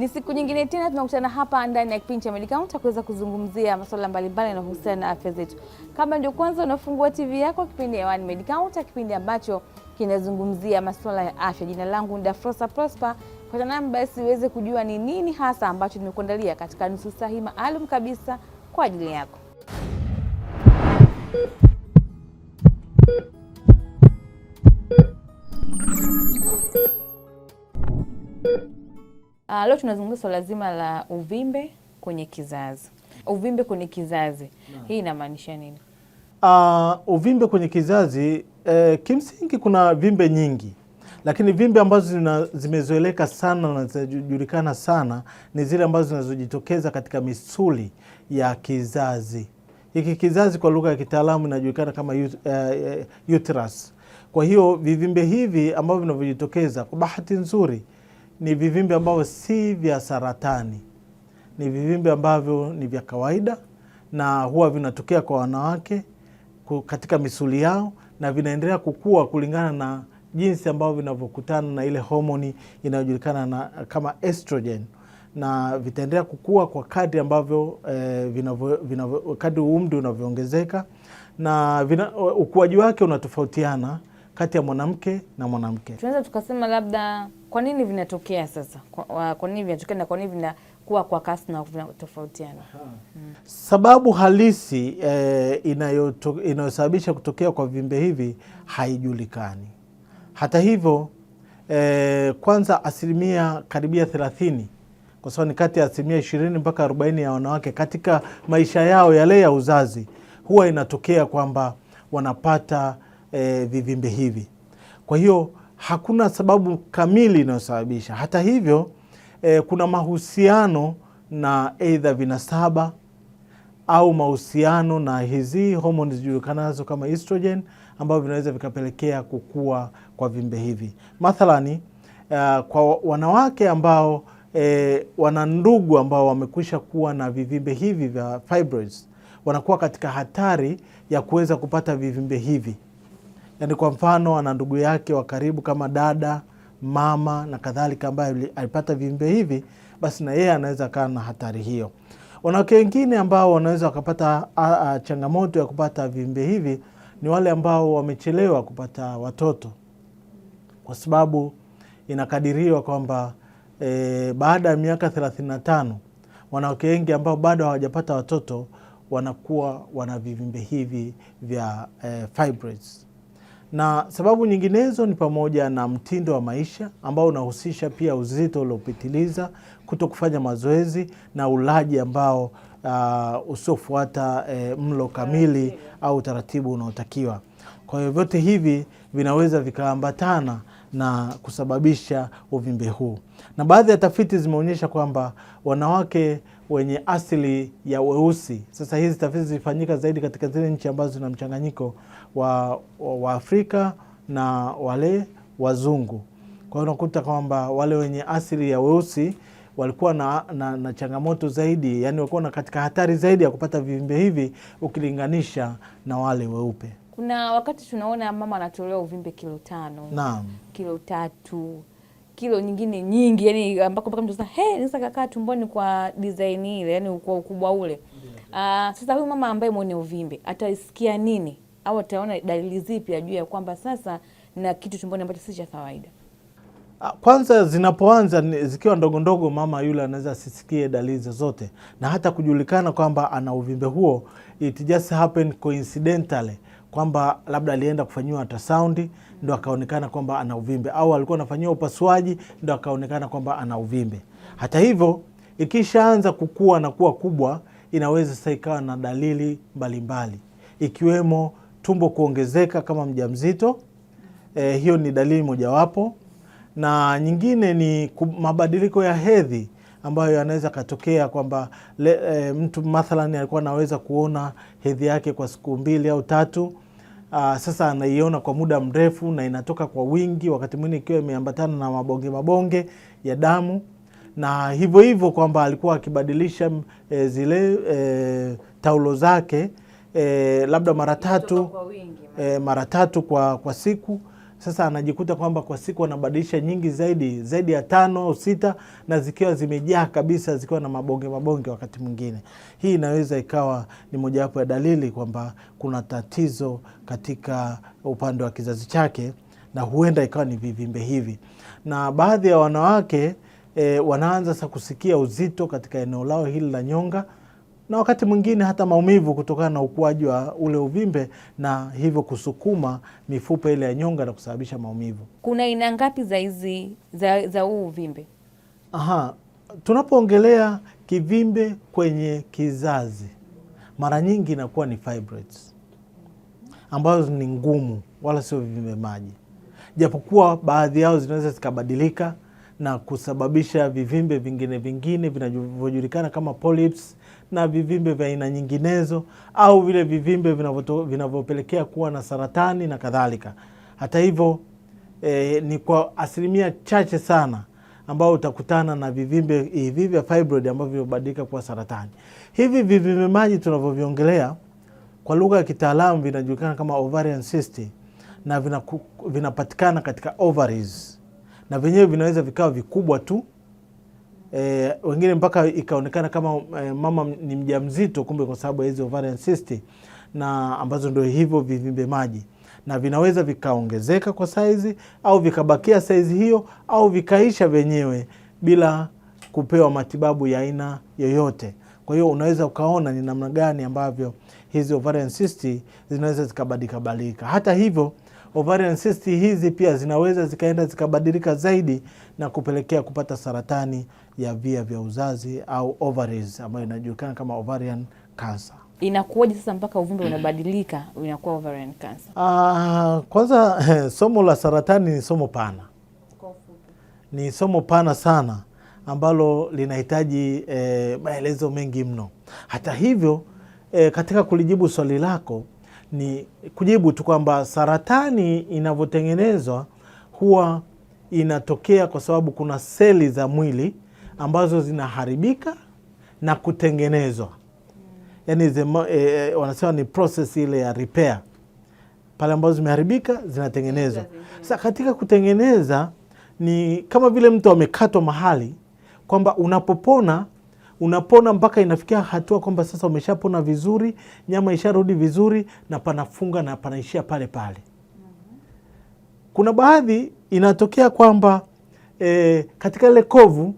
Ni siku nyingine tena tunakutana hapa ndani ya kipindi cha Medicounter kuweza kuzungumzia masuala mbalimbali yanayohusiana na afya zetu. Kama ndio kwanza unafungua TV yako, kipindi hewani Medicounter, kipindi ambacho kinazungumzia masuala ya afya. Jina langu ni Dafrosa Prosper, kwa nami basi uweze kujua ni nini hasa ambacho nimekuandalia katika nusu saa hii maalum kabisa kwa ajili yako. Uh, leo tunazungumza swala zima la uvimbe kwenye kizazi. Uvimbe kwenye kizazi na, hii inamaanisha nini? Uh, uvimbe kwenye kizazi eh, kimsingi kuna vimbe nyingi, lakini vimbe ambazo zimezoeleka sana na zinajulikana sana ni zile ambazo zinazojitokeza katika misuli ya kizazi. Hiki kizazi kwa lugha ya kitaalamu inajulikana kama ut, uh, uterus. Kwa hiyo vivimbe hivi ambavyo vinavyojitokeza kwa bahati nzuri ni vivimbe ambavyo si vya saratani, ni vivimbe ambavyo ni vya kawaida na huwa vinatokea kwa wanawake katika misuli yao na vinaendelea kukua kulingana na jinsi ambavyo vinavyokutana na ile homoni inayojulikana na kama estrogen na vitaendelea kukua kwa kadri ambavyo eh, vinavyo, kadri umri unavyoongezeka na vina, ukuaji wake unatofautiana kati ya mwanamke na mwanamke. Tunaweza tukasema labda kwa nini vinatokea sasa? Kwa nini vinatokea na kwa nini vinakuwa kwa kasi na vinatofautiana? mm. Sababu halisi eh, inayosababisha kutokea kwa vimbe hivi haijulikani. Hata hivyo eh, kwanza asilimia karibia thelathini kwa sababu ni kati ya asilimia ishirini mpaka arobaini ya wanawake katika maisha yao yale ya uzazi huwa inatokea kwamba wanapata eh, vivimbe hivi. Kwa hiyo hakuna sababu kamili inayosababisha. Hata hivyo, eh, kuna mahusiano na aidha vinasaba au mahusiano na hizi homoni zijulikanazo kama estrogen ambavyo vinaweza vikapelekea kukua kwa vimbe hivi. Mathalani uh, kwa wanawake ambao eh, wana ndugu ambao wamekwisha kuwa na vivimbe hivi vya fibroids, wanakuwa katika hatari ya kuweza kupata vivimbe hivi yani kwa mfano ana ndugu yake wa karibu kama dada, mama na kadhalika, ambaye alipata viumbe hivi, basi na yeye anaweza kaa na hatari hiyo. Wanawake wengine ambao wanaweza wakapata changamoto ya kupata viumbe hivi ni wale ambao wamechelewa kupata watoto, kwa sababu inakadiriwa kwamba e, baada ya miaka tano wanawake wengi ambao bado hawajapata watoto wanakuwa wana vivimbe hivi vya e, fibroids na sababu nyinginezo ni pamoja na mtindo wa maisha ambao unahusisha pia uzito uliopitiliza, kuto kufanya mazoezi na ulaji ambao uh, usiofuata eh, mlo kamili au utaratibu unaotakiwa. Kwa hiyo vyote hivi vinaweza vikaambatana na kusababisha uvimbe huu, na baadhi ya tafiti zimeonyesha kwamba wanawake wenye asili ya weusi. Sasa hizi tafiti zilifanyika zaidi katika zile nchi ambazo zina mchanganyiko wa Waafrika na wale wazungu. Kwa hiyo unakuta kwamba wale wenye asili ya weusi walikuwa na, na, na changamoto zaidi, yani walikuwa na katika hatari zaidi ya kupata vivimbe hivi ukilinganisha na wale weupe. Kuna wakati tunaona mama anatolewa uvimbe kilo tano, naam, kilo tatu kilo nyingine nyingi, yani ambako mpaka mtu sasa hey, naweza kakaa tumboni kwa design ile, yani kwa ukubwa ule. Ah, sasa huyu mama ambaye mwenye uvimbe atasikia nini au ataona dalili zipi ajue ya kwamba sasa na kitu tumboni ambacho si cha kawaida? Ah, kwanza zinapoanza zikiwa ndogo ndogo, mama yule anaweza asisikie dalili zozote na hata kujulikana kwamba ana uvimbe huo, it just happened coincidentally kwamba labda alienda kufanyiwa ultrasound ndo akaonekana kwamba ana uvimbe, au alikuwa anafanyiwa upasuaji ndo akaonekana kwamba ana uvimbe. Hata hivyo, ikishaanza kukua na kuwa kubwa, inaweza sasa ikawa na dalili mbalimbali ikiwemo tumbo kuongezeka kama mjamzito. E, hiyo ni dalili mojawapo, na nyingine ni mabadiliko ya hedhi ambayo yanaweza katokea kwamba e, mtu mathalani alikuwa anaweza kuona hedhi yake kwa siku mbili au tatu aa, ah, sasa anaiona kwa muda mrefu na inatoka kwa wingi, wakati mwingine ikiwa imeambatana na mabonge mabonge ya damu, na hivyo hivyo kwamba alikuwa akibadilisha e, zile e, taulo zake e, labda mara tatu e, mara tatu kwa, kwa siku sasa anajikuta kwamba kwa siku anabadilisha nyingi zaidi zaidi ya tano au sita, na zikiwa zimejaa kabisa, zikiwa na mabonge mabonge wakati mwingine. Hii inaweza ikawa ni mojawapo ya dalili kwamba kuna tatizo katika upande wa kizazi chake, na huenda ikawa ni vivimbe hivi. Na baadhi ya wanawake e, wanaanza sa kusikia uzito katika eneo lao hili la nyonga na wakati mwingine hata maumivu kutokana na ukuaji wa ule uvimbe na hivyo kusukuma mifupa ile ya nyonga na kusababisha maumivu. Kuna aina ngapi za hizi za, za huu uvimbe? Aha, tunapoongelea kivimbe kwenye kizazi mara nyingi inakuwa ni fibroids ambazo ni ngumu, wala sio vivimbe maji, japokuwa baadhi yao zinaweza zikabadilika na kusababisha vivimbe vingine vingine vinavyojulikana kama polyps na vivimbe vya aina nyinginezo au vile vivimbe vinavyopelekea kuwa na saratani na kadhalika. Hata hivyo eh, ni kwa asilimia chache sana ambao utakutana na vivimbe hivi vya fibroid ambavyo vimebadilika kuwa saratani. Hivi vivimbe maji tunavyoviongelea kwa lugha ya kitaalamu vinajulikana kama ovarian cyst na vinapatikana vina katika ovaries na vyenyewe vinaweza vikawa vikubwa tu E, wengine mpaka ikaonekana kama e, mama ni mjamzito, kumbe kwa sababu ya hizi ovarian cyst na ambazo ndio hivyo vivimbe maji, na vinaweza vikaongezeka kwa saizi au vikabakia saizi hiyo au vikaisha vyenyewe bila kupewa matibabu ya aina yoyote. Kwa hiyo unaweza ukaona ni namna gani ambavyo hizi ovarian cyst zinaweza zikabadilika Hata hivyo ovarian cyst hizi pia zinaweza zikaenda zikabadilika zaidi na kupelekea kupata saratani ya via vya uzazi au ovaries ambayo inajulikana kama ovarian cancer. Inakuwaje sasa mpaka uvimbe unabadilika unakuwa ovarian cancer? Ah, kwanza somo la saratani ni somo pana, ni somo pana sana ambalo linahitaji eh, maelezo mengi mno. Hata hivyo eh, katika kulijibu swali lako ni kujibu tu kwamba saratani inavyotengenezwa huwa inatokea kwa sababu kuna seli za mwili ambazo zinaharibika na kutengenezwa yani e, eh, eh, wanasema ni process ile ya repair pale ambazo zimeharibika zinatengenezwa. sa katika kutengeneza ni kama vile mtu amekatwa mahali kwamba unapopona unapona mpaka inafikia hatua kwamba sasa umeshapona vizuri, nyama isharudi vizuri, na panafunga na panaishia pale pale. Kuna baadhi inatokea kwamba e, katika ile kovu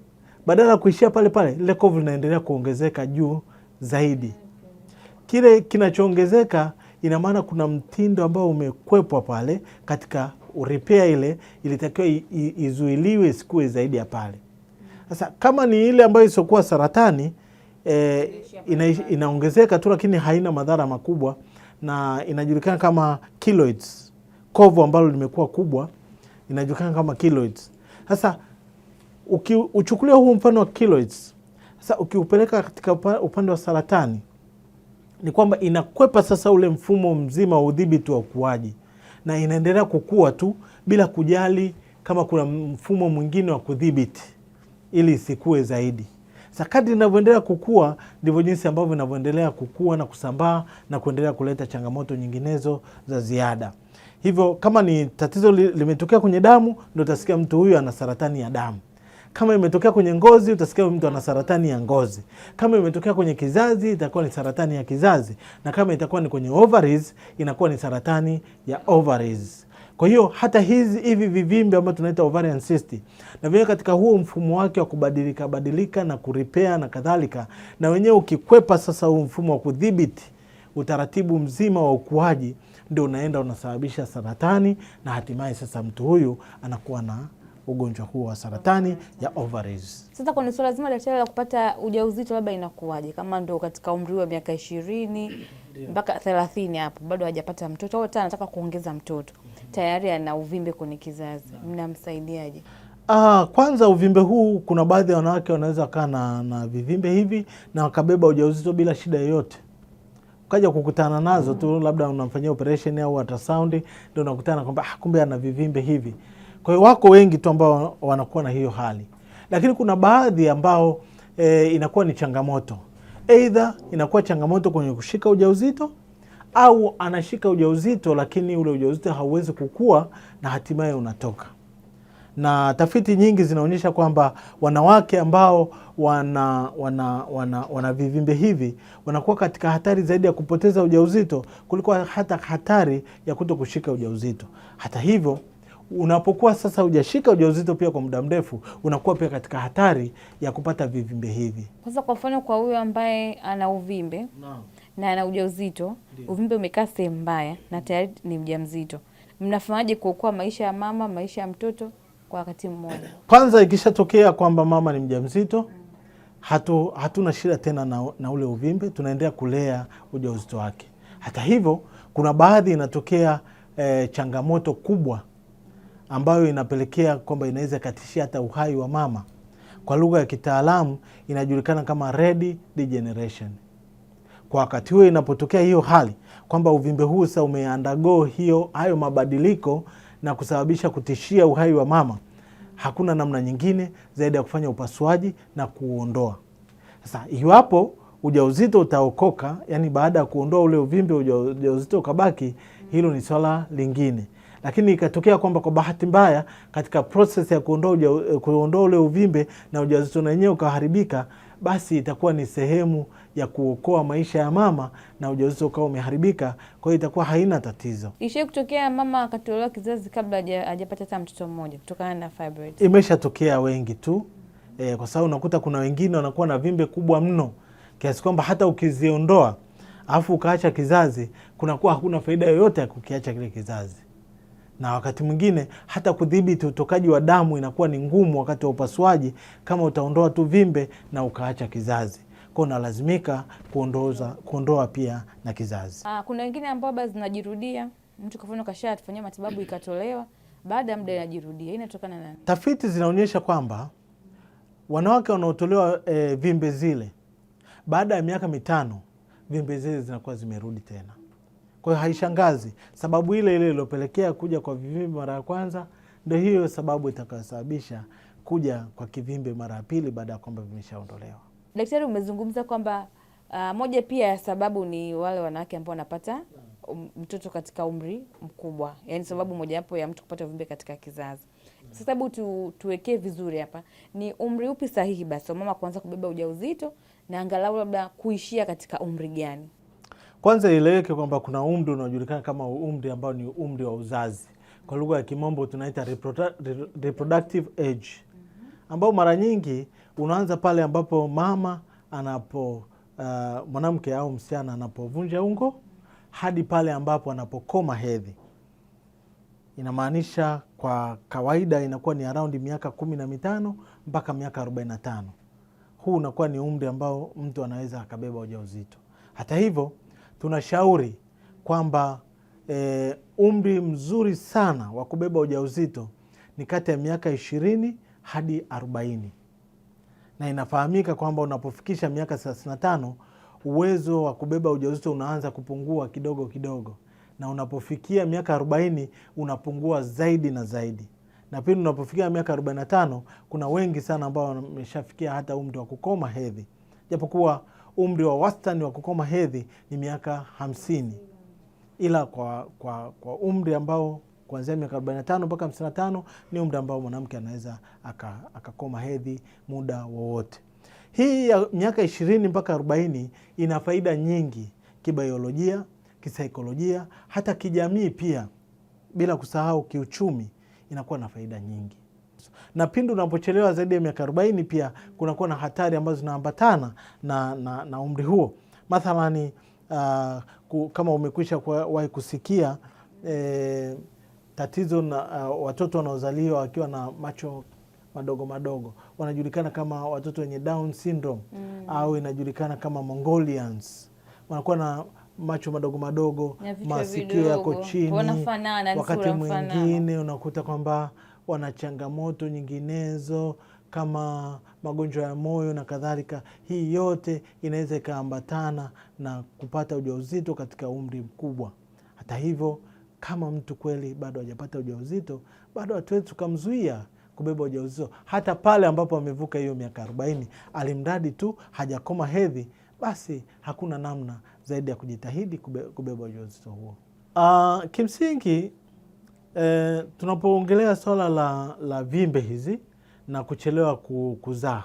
badala ya kuishia pale pale, lile kovu linaendelea kuongezeka juu zaidi. Kile kinachoongezeka, ina maana kuna mtindo ambao umekwepwa pale katika repair, ile ilitakiwa izuiliwe isikuwe zaidi ya pale. Sasa kama ni ile ambayo isiokuwa saratani eh, e, ina, inaongezeka tu lakini haina madhara makubwa, na inajulikana kama keloids. Kovu ambalo limekuwa kubwa inajulikana kama keloids. Sasa ukiuchukulia huu mfano wa kiloids sasa, ukiupeleka katika upande wa saratani ni kwamba inakwepa sasa ule mfumo mzima wa udhibiti wa ukuaji na inaendelea kukua tu bila kujali kama kuna mfumo mwingine wa kudhibiti ili isikue zaidi. Sasa inavyoendelea kukua ndivyo jinsi ambavyo inavyoendelea kukua na kusambaa na kuendelea kuleta changamoto nyinginezo za ziada. Hivyo kama ni tatizo limetokea kwenye damu, ndo utasikia mtu huyu ana saratani ya damu. Kama imetokea kwenye ngozi, utasikia mtu ana saratani ya ngozi. Kama imetokea kwenye kizazi, itakuwa ni saratani ya kizazi, na kama itakuwa ni kwenye ovaries, inakuwa ni saratani ya ovaries. Kwa hiyo hata hizi hivi vivimbe ambavyo tunaita ovarian cyst na vile katika huo mfumo wake wa kubadilika badilika na kuripea na kadhalika, na wenyewe ukikwepa sasa huo mfumo wa kudhibiti utaratibu mzima wa ukuaji, ndio unaenda unasababisha saratani, na hatimaye sasa mtu huyu anakuwa na ugonjwa huo wa saratani ya ovaries. Sasa kwenye suala zima daktari la kupata ujauzito labda inakuwaje? Kama ndo katika umri wa miaka ishirini mpaka thelathini hapo bado hajapata mtoto au hata anataka kuongeza mtoto tayari ana uvimbe kwenye kizazi, mnamsaidiaje? Ah, kwanza uvimbe huu, kuna baadhi ya wanawake wanaweza kaa na, na vivimbe hivi na wakabeba ujauzito bila shida yoyote ukaja kukutana nazo tu, labda unamfanyia operation au ultrasound, ndio unakutana kwamba ah, kumbe ana vivimbe hivi. Kwa hiyo wako wengi tu ambao wanakuwa na hiyo hali, lakini kuna baadhi ambao e, inakuwa ni changamoto, aidha inakuwa changamoto kwenye kushika ujauzito au anashika ujauzito lakini ule ujauzito hauwezi kukua na hatimaye unatoka. Na tafiti nyingi zinaonyesha kwamba wanawake ambao wana, wana, wana, wana vivimbe hivi wanakuwa katika hatari zaidi ya kupoteza ujauzito kuliko hata hatari ya kuto kushika ujauzito. Hata hivyo unapokuwa sasa hujashika ujauzito pia kwa muda mrefu, unakuwa pia katika hatari ya kupata vivimbe hivi. Sasa kwa mfano, kwa huyo ambaye ana uvimbe no. na ana ujauzito, uvimbe umekaa sehemu mbaya na tayari ni mjamzito, mnafanyaje kuokoa maisha ya mama, maisha ya mtoto kwa wakati mmoja? Kwanza ikishatokea kwamba mama ni mjamzito hatu, hatuna shida tena na, na ule uvimbe, tunaendelea kulea ujauzito wake. Hata hivyo, kuna baadhi inatokea e, changamoto kubwa ambayo inapelekea kwamba inaweza ikatishia hata uhai wa mama. Kwa lugha ya kitaalamu inajulikana kama red degeneration. Kwa wakati huo inapotokea hiyo hali kwamba uvimbe huu sasa umeandago hiyo hayo mabadiliko na kusababisha kutishia uhai wa mama, hakuna namna nyingine zaidi ya kufanya upasuaji na kuondoa. Sasa iwapo ujauzito utaokoka, yani baada ya kuondoa ule uvimbe ujauzito ukabaki, hilo ni swala lingine lakini ikatokea kwamba kwa bahati mbaya katika proses ya kuondoa ule uvimbe na ujauzito na wenyewe ukaharibika, basi itakuwa ni sehemu ya kuokoa maisha ya mama na ujauzito ukawa umeharibika. Kwa hiyo itakuwa haina tatizo. Ishai kutokea mama akatolewa kizazi kabla hajapata hata mtoto mmoja kutokana na fibroid. Imeshatokea wengi tu e, kwa sababu unakuta kuna wengine wanakuwa na vimbe kubwa mno kiasi kwamba hata ukiziondoa alafu ukaacha kizazi kunakuwa hakuna faida yoyote ya kukiacha kile kizazi na wakati mwingine hata kudhibiti utokaji wa damu inakuwa ni ngumu wakati wa upasuaji, kama utaondoa tu vimbe na ukaacha kizazi kwao unalazimika kuondoza kuondoa pia na kizazi. Aa, ah, kuna wengine ambao basi zinajirudia, mtu kafanya kasha tufanyia matibabu ikatolewa, baada ya muda inajirudia. Inatokana na tafiti zinaonyesha kwamba wanawake wanaotolewa e, vimbe zile baada ya miaka mitano vimbe zile zinakuwa zimerudi tena. Kwa hiyo haishangazi, sababu ile ile iliyopelekea kuja kwa vivimbe mara ya kwanza ndio hiyo sababu itakayosababisha kuja kwa kivimbe mara ya pili baada ya kwamba vimeshaondolewa. Daktari, umezungumza kwamba uh, moja pia ya sababu ni wale wanawake ambao wanapata um, mtoto katika umri mkubwa, yaani sababu mojawapo ya mtu kupata uvimbe katika kizazi. Sasa hebu tu, tuwekee vizuri hapa, ni umri upi sahihi basi mama kuanza kubeba ujauzito na angalau labda kuishia katika umri gani? Kwanza ieleweke kwamba kuna umri unaojulikana kama umri ambao ni umri wa uzazi, kwa lugha ya kimombo tunaita reproductive age, ambao mara nyingi unaanza pale ambapo mama anapo uh, mwanamke au msichana anapovunja ungo hadi pale ambapo anapokoma hedhi. Inamaanisha kwa kawaida inakuwa ni araundi miaka kumi na mitano mpaka miaka arobaini na tano. Huu unakuwa ni umri ambao mtu anaweza akabeba ujauzito. Hata hivyo tunashauri kwamba e, umri mzuri sana wa kubeba ujauzito ni kati ya miaka ishirini hadi arobaini na inafahamika kwamba unapofikisha miaka thelathini na tano uwezo wa kubeba ujauzito unaanza kupungua kidogo kidogo, na unapofikia miaka arobaini unapungua zaidi na zaidi, na pindi unapofikia miaka arobaini na tano kuna wengi sana ambao wameshafikia hata umri wa kukoma hedhi, japokuwa umri wa wastani wa kukoma hedhi ni miaka hamsini, ila kwa, kwa, kwa umri ambao kuanzia miaka 45 mpaka 55 ni umri ambao mwanamke anaweza akakoma aka hedhi muda wowote. Hii ya miaka ishirini mpaka 40 ina faida nyingi kibaiolojia, kisaikolojia, hata kijamii pia, bila kusahau kiuchumi, inakuwa na faida nyingi. Na pindi unapochelewa zaidi ya miaka 40, pia kunakuwa na hatari ambazo zinaambatana na, na, na umri huo. Mathalani uh, ah, kama umekwisha wahi kusikia eh, tatizo na uh, watoto wanaozaliwa wakiwa na macho madogo madogo wanajulikana kama watoto wenye Down syndrome mm. au inajulikana kama Mongolians, wanakuwa na macho madogo madogo, masikio yako chini, wakati mwingine unakuta kwamba wana changamoto nyinginezo kama magonjwa ya moyo na kadhalika. Hii yote inaweza ikaambatana na kupata ujauzito katika umri mkubwa. Hata hivyo, kama mtu kweli bado hajapata ujauzito, bado hatuwezi tukamzuia kubeba ujauzito hata pale ambapo amevuka hiyo miaka arobaini, alimradi tu hajakoma hedhi, basi hakuna namna zaidi ya kujitahidi kubeba ujauzito huo. Uh, kimsingi E, tunapoongelea swala la, la vimbe hizi na kuchelewa kuzaa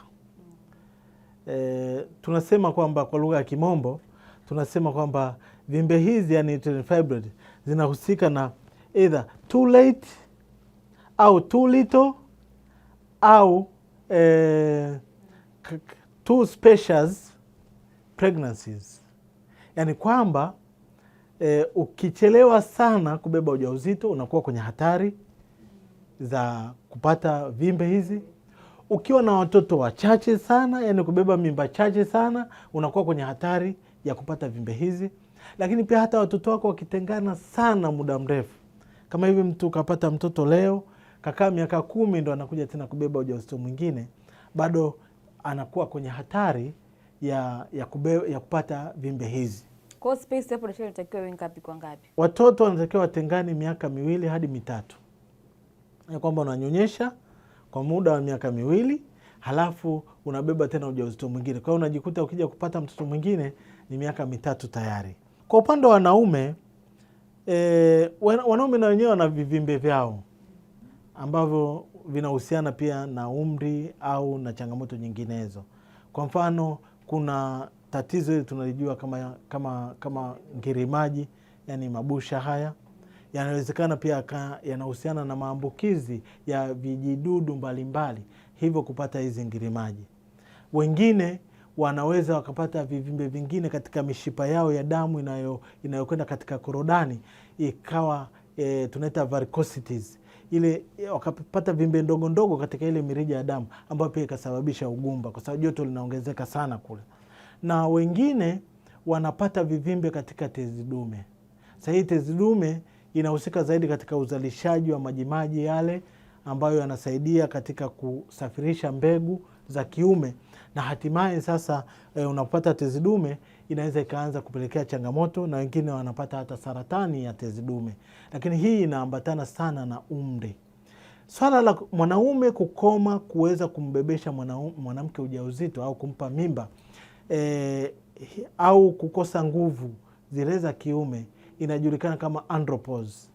e, tunasema kwamba kwa lugha ya Kimombo tunasema kwamba vimbe hizi yani zinahusika na either too late au too little au e, too specious pregnancies, yani kwamba e, ukichelewa sana kubeba ujauzito unakuwa kwenye hatari za kupata vimbe hizi. Ukiwa na watoto wachache sana, yani kubeba mimba chache sana, unakuwa kwenye hatari ya kupata vimbe hizi. Lakini pia hata watoto wako wakitengana sana muda mrefu, kama hivi mtu kapata mtoto leo kakaa miaka kumi ndo anakuja tena kubeba ujauzito mwingine, bado anakuwa kwenye hatari ya, ya, kube, ya kupata vimbe hizi. Kwa space hapo inatakiwa iwe ngapi kwa ngapi? Watoto wanatakiwa watengane miaka miwili hadi mitatu, ya kwamba unanyonyesha kwa muda wa miaka miwili halafu unabeba tena ujauzito mwingine. Kwa hiyo unajikuta ukija kupata mtoto mwingine ni miaka mitatu tayari. Kwa upande wa wanaume e, wanaume na wenyewe wana vivimbe vyao ambavyo vinahusiana pia na umri au na changamoto nyinginezo. Kwa mfano, kuna tatizo hili tunalijua kama, kama, kama ngirimaji, yani mabusha haya yanawezekana pia yanahusiana na maambukizi ya vijidudu mbalimbali, hivyo kupata hizi ngirimaji. Wengine wanaweza wakapata vivimbe vingine katika mishipa yao ya damu inayo inayokwenda katika korodani ikawa e, tunaita varicosities ile wakapata vimbe ndogo ndogo katika ile mirija ya damu ambayo pia ikasababisha ugumba, kwa sababu joto linaongezeka sana kule na wengine wanapata vivimbe katika tezi dume. Sasa hii tezi dume inahusika zaidi katika uzalishaji wa majimaji yale ambayo yanasaidia katika kusafirisha mbegu za kiume na hatimaye sasa, e, eh, unapata tezi dume inaweza ikaanza kupelekea changamoto, na wengine wanapata hata saratani ya tezi dume, lakini hii inaambatana sana na umri. Swala la mwanaume kukoma kuweza kumbebesha mwanamke ujauzito au kumpa mimba e, au kukosa nguvu zile za kiume inajulikana kama andropause.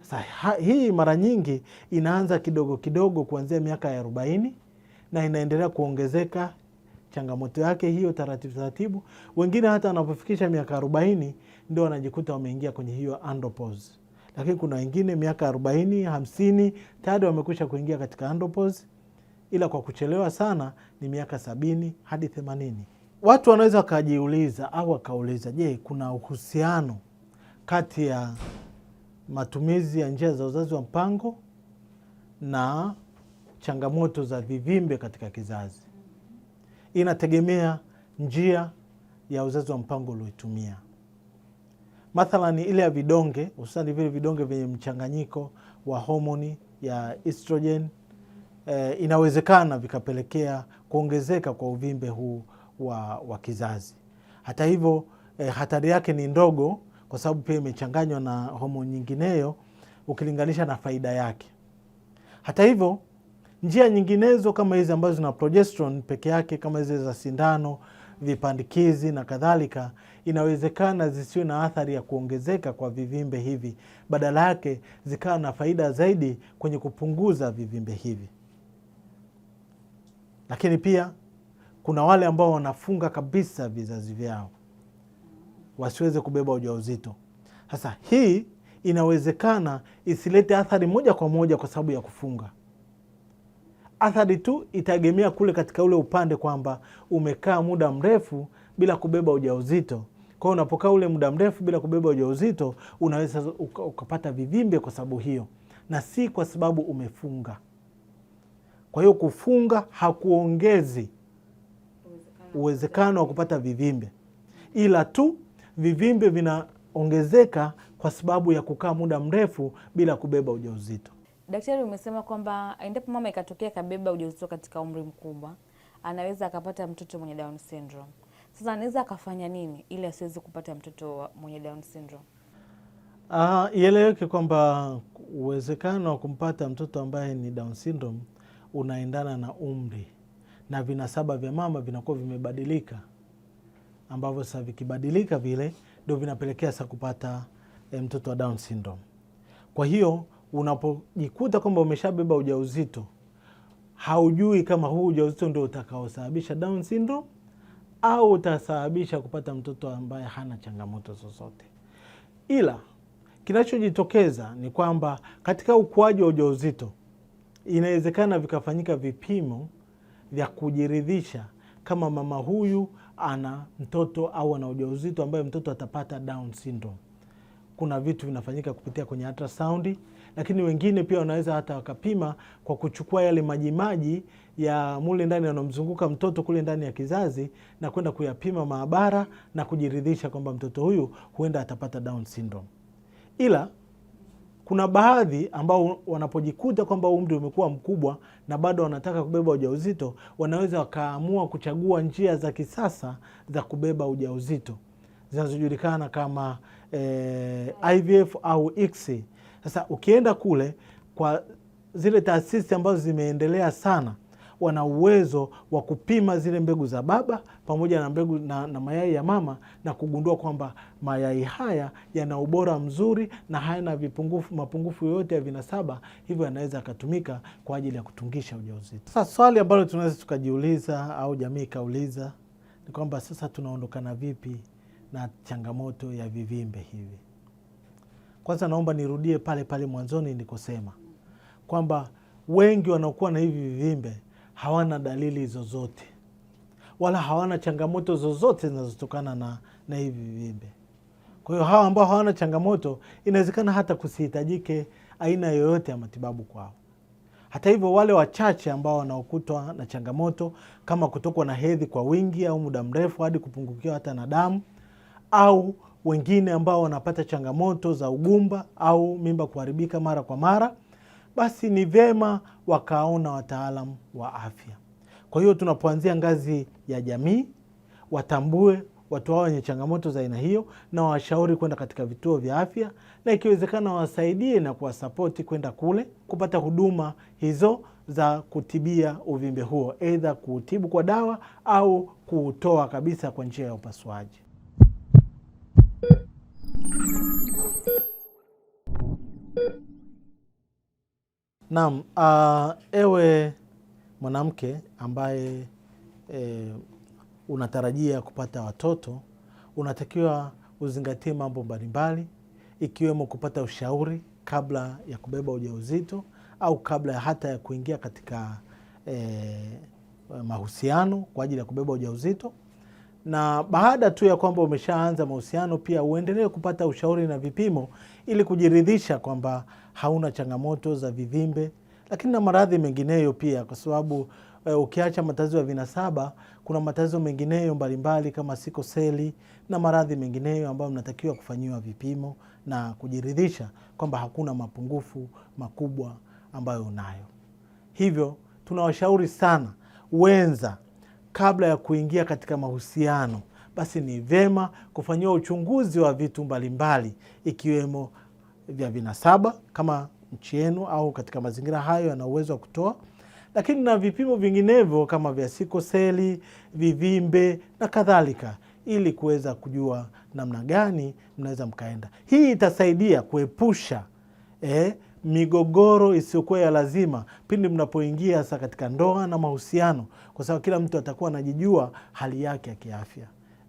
Sa, hii mara nyingi inaanza kidogo kidogo kuanzia miaka ya arobaini na inaendelea kuongezeka changamoto yake hiyo taratibu taratibu. Wengine hata wanapofikisha miaka arobaini ndio wanajikuta wameingia kwenye hiyo andropause, lakini kuna wengine miaka arobaini hamsini tayari wamekwisha kuingia katika andropause, ila kwa kuchelewa sana ni miaka sabini hadi themanini watu wanaweza wakajiuliza au wakauliza, je, kuna uhusiano kati ya matumizi ya njia za uzazi wa mpango na changamoto za vivimbe katika kizazi? Inategemea njia ya uzazi wa mpango ulioitumia. Mathalani ile ya vidonge, hususani vile vidonge vyenye mchanganyiko wa homoni ya estrogen, eh, inawezekana vikapelekea kuongezeka kwa uvimbe huu wa, wa kizazi. Hata hivyo eh, hatari yake ni ndogo kwa sababu pia imechanganywa na homoni nyingineyo ukilinganisha na faida yake. Hata hivyo njia nyinginezo kama hizi ambazo zina progesterone peke yake kama hizi za sindano, vipandikizi na kadhalika, inawezekana zisiwe na athari ya kuongezeka kwa vivimbe hivi, badala yake zikawa na faida zaidi kwenye kupunguza vivimbe hivi, lakini pia kuna wale ambao wanafunga kabisa vizazi vyao wasiweze kubeba ujauzito. Sasa hii inawezekana isilete athari moja kwa moja kwa sababu ya kufunga. Athari tu itaegemea kule katika ule upande kwamba umekaa muda mrefu bila kubeba ujauzito. Kwa hiyo unapokaa ule muda mrefu bila kubeba ujauzito, unaweza ukapata vivimbe kwa sababu hiyo, na si kwa sababu umefunga. Kwa hiyo kufunga hakuongezi uwezekano wa kupata vivimbe, ila tu vivimbe vinaongezeka kwa sababu ya kukaa muda mrefu bila kubeba ujauzito. Daktari, umesema kwamba endapo mama ikatokea kabeba ujauzito katika umri mkubwa, anaweza akapata mtoto mwenye Down syndrome. Sasa anaweza akafanya nini ili asiwezi kupata mtoto mwenye Down syndrome? Uh, ieleweke kwamba uwezekano wa kumpata mtoto ambaye ni Down syndrome unaendana na umri na vinasaba vya mama vinakuwa vimebadilika, ambavyo sasa vikibadilika vile ndio vinapelekea sasa kupata eh, mtoto wa Down syndrome. Kwa hiyo unapojikuta kwamba umeshabeba ujauzito, haujui kama huu ujauzito ndio utakaosababisha Down syndrome au utasababisha kupata mtoto ambaye hana changamoto zozote, ila kinachojitokeza ni kwamba katika ukuaji wa ujauzito inawezekana vikafanyika vipimo vya kujiridhisha kama mama huyu ana mtoto au ana ujauzito ambaye mtoto atapata Down syndrome. Kuna vitu vinafanyika kupitia kwenye ultrasound, lakini wengine pia wanaweza hata wakapima kwa kuchukua yale majimaji ya mule ndani yanamzunguka mtoto kule ndani ya kizazi na kwenda kuyapima maabara na kujiridhisha kwamba mtoto huyu huenda atapata Down syndrome ila kuna baadhi ambao wanapojikuta kwamba umri umekuwa mkubwa na bado wanataka kubeba ujauzito, wanaweza wakaamua kuchagua njia za kisasa za kubeba ujauzito zinazojulikana kama eh, IVF au ICSI. Sasa ukienda kule kwa zile taasisi ambazo zimeendelea sana wana uwezo wa kupima zile mbegu za baba pamoja na mbegu na, na mayai ya mama na kugundua kwamba mayai haya yana ubora mzuri na hayana vipungufu, mapungufu yoyote ya vinasaba, hivyo yanaweza yakatumika kwa ajili ya kutungisha ujauzito. Sasa swali ambalo tunaweza tukajiuliza au jamii ikauliza ni kwamba sasa tunaondokana vipi na changamoto ya vivimbe hivi? Kwanza naomba nirudie pale pale mwanzoni nilikosema kwamba wengi wanaokuwa na hivi vivimbe hawana dalili zozote wala hawana changamoto zozote zinazotokana na, na hivi vimbe. Kwa hiyo hawa ambao hawana changamoto, inawezekana hata kusihitajike aina yoyote ya matibabu kwao. Hata hivyo, wale wachache ambao wanaokutwa na changamoto kama kutokwa na hedhi kwa wingi au muda mrefu hadi kupungukiwa hata na damu au wengine ambao wanapata changamoto za ugumba au mimba kuharibika mara kwa mara basi ni vyema wakaona wataalamu wa afya. Kwa hiyo tunapoanzia ngazi ya jamii, watambue watu hao wenye changamoto za aina hiyo na washauri kwenda katika vituo vya afya, na ikiwezekana wawasaidie na kuwasapoti kwenda kule kupata huduma hizo za kutibia uvimbe huo, aidha kuutibu kwa dawa au kuutoa kabisa kwa njia ya upasuaji. Naam, uh, ewe mwanamke ambaye e, unatarajia kupata watoto, unatakiwa uzingatie mambo mbalimbali ikiwemo kupata ushauri kabla ya kubeba ujauzito au kabla ya hata ya kuingia katika e, mahusiano kwa ajili ya kubeba ujauzito. Na baada tu ya kwamba umeshaanza mahusiano, pia uendelee kupata ushauri na vipimo ili kujiridhisha kwamba hauna changamoto za vivimbe, lakini na maradhi mengineyo pia, kwa sababu e, ukiacha matatizo ya vinasaba kuna matatizo mengineyo mbalimbali kama siko seli na maradhi mengineyo ambayo mnatakiwa kufanyiwa vipimo na kujiridhisha kwamba hakuna mapungufu makubwa ambayo unayo. Hivyo tunawashauri sana wenza, kabla ya kuingia katika mahusiano, basi ni vema kufanyiwa uchunguzi wa vitu mbalimbali ikiwemo vya vinasaba kama nchi yenu au katika mazingira hayo yana uwezo wa kutoa, lakini na vipimo vinginevyo kama vya sikoseli, vivimbe na kadhalika, ili kuweza kujua namna gani mnaweza mkaenda. Hii itasaidia kuepusha eh, migogoro isiyokuwa ya lazima pindi mnapoingia sasa katika ndoa na mahusiano, kwa sababu kila mtu atakuwa anajijua hali yake ya kiafya,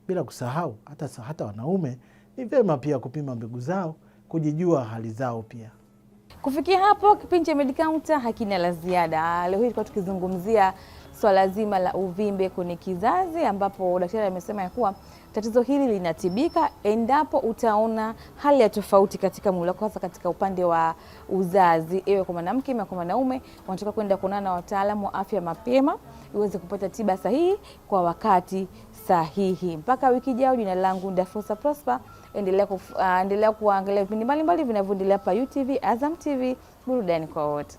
bila kusahau hata, hata wanaume ni vyema pia kupima mbegu zao kujijua hali zao pia. Kufikia hapo kipindi cha Med hakina la ziada. Leo hii tulikuwa tukizungumzia swala so zima la uvimbe kwenye kizazi, ambapo daktari amesema ya kuwa tatizo hili linatibika endapo utaona hali ya tofauti katika mwili wako, hasa katika upande wa uzazi, iwe kwa mwanamke ama kwa mwanaume. Wanataka kwenda kuonana na wataalamu wa afya mapema iweze kupata tiba sahihi kwa wakati sahihi. Mpaka wiki ijayo, jina langu Dafosa Prosper endelea, kuf, uh, endelea kuangalia vipindi mbalimbali vinavyoendelea pa UTV Azam TV, burudani kwa wote.